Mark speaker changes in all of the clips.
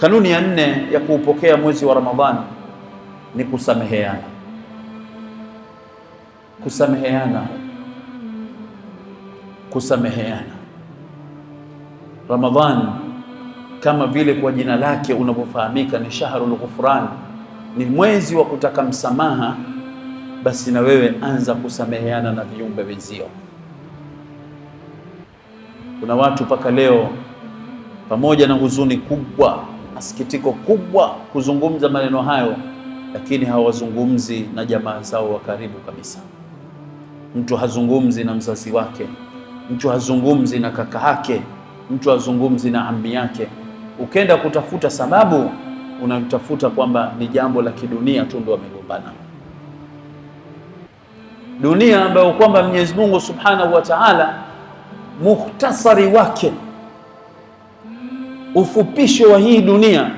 Speaker 1: Kanuni ya nne ya kuupokea mwezi wa Ramadhani ni kusameheana. Kusameheana, kusameheana. Ramadhani kama vile kwa jina lake unavyofahamika ni shahrul ghufran, ni mwezi wa kutaka msamaha. Basi na wewe anza kusameheana na viumbe wenzio. Kuna watu mpaka leo, pamoja na huzuni kubwa masikitiko kubwa kuzungumza maneno hayo, lakini hawazungumzi na jamaa zao wa karibu kabisa. Mtu hazungumzi na mzazi wake, mtu hazungumzi na kaka yake, mtu hazungumzi na ammi yake. Ukenda kutafuta sababu, unatafuta kwamba ni jambo la kidunia tu ndo wamegombana. Dunia ambayo kwamba Mwenyezi Mungu Subhanahu wa Ta'ala mukhtasari wake ufupisho wa hii dunia,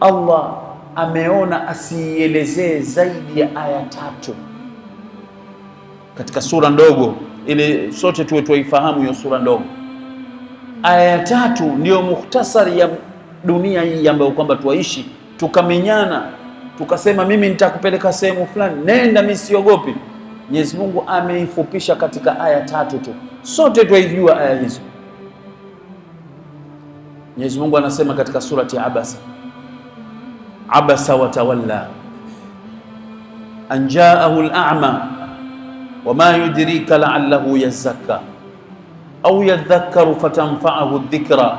Speaker 1: Allah ameona asiielezee zaidi ya aya tatu katika sura ndogo, ili sote tuwe tuwaifahamu hiyo sura ndogo. Aya ya tatu ndiyo mukhtasari ya dunia hii ambayo kwamba tuwaishi, tukamenyana, tukasema mimi nitakupeleka sehemu fulani, nenda, mimi siogopi. Mwenyezi Mungu ameifupisha katika aya tatu tu, sote twaijua aya hizo. Mwenyezi Mungu anasema katika surati Abasa, abasa watawalla Anjaahu al-a'ma wama yudrika la'allahu yazakka au yadhakkaru fatanfa'ahu adh dhikra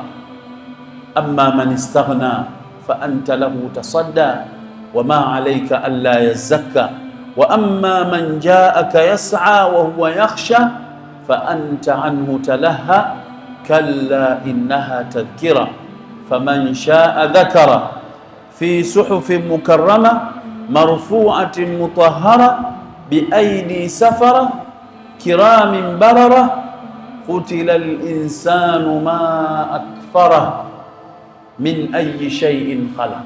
Speaker 1: amma man istaghna fa anta lahu tasadda wama alayka alla yazakka wa amma man jaaka yas'a wa huwa yakhsha fa anta anhu talaha كلا إنها تذكرة فمن شاء ذكر في صحف مكرمة مرفوعة مطهرة بأيدي سفرة كرام بررة قتل الإنسان ما أكفره من أي شيء خلق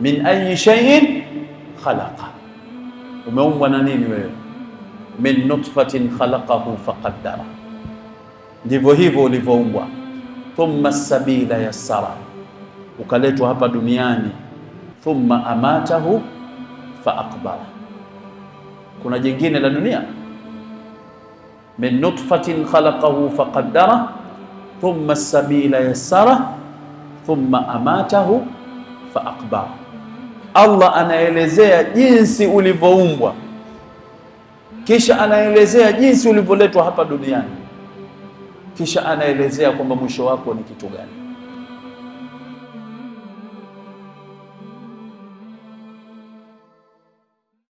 Speaker 1: من أي شيء خلق من نطفة خلقه فقدره ndivyo hivyo ulivyoumbwa. Thumma sabila yassara, ukaletwa hapa duniani. Thumma amatahu fa Kuna jingine la dunia, min nutfatin khalaqahu faqaddara thumma sabila yassara thumma amatahu fa Allah anaelezea jinsi ulivyoumbwa, kisha anaelezea jinsi ulivyoletwa hapa duniani kisha anaelezea kwamba mwisho wako ni kitu gani.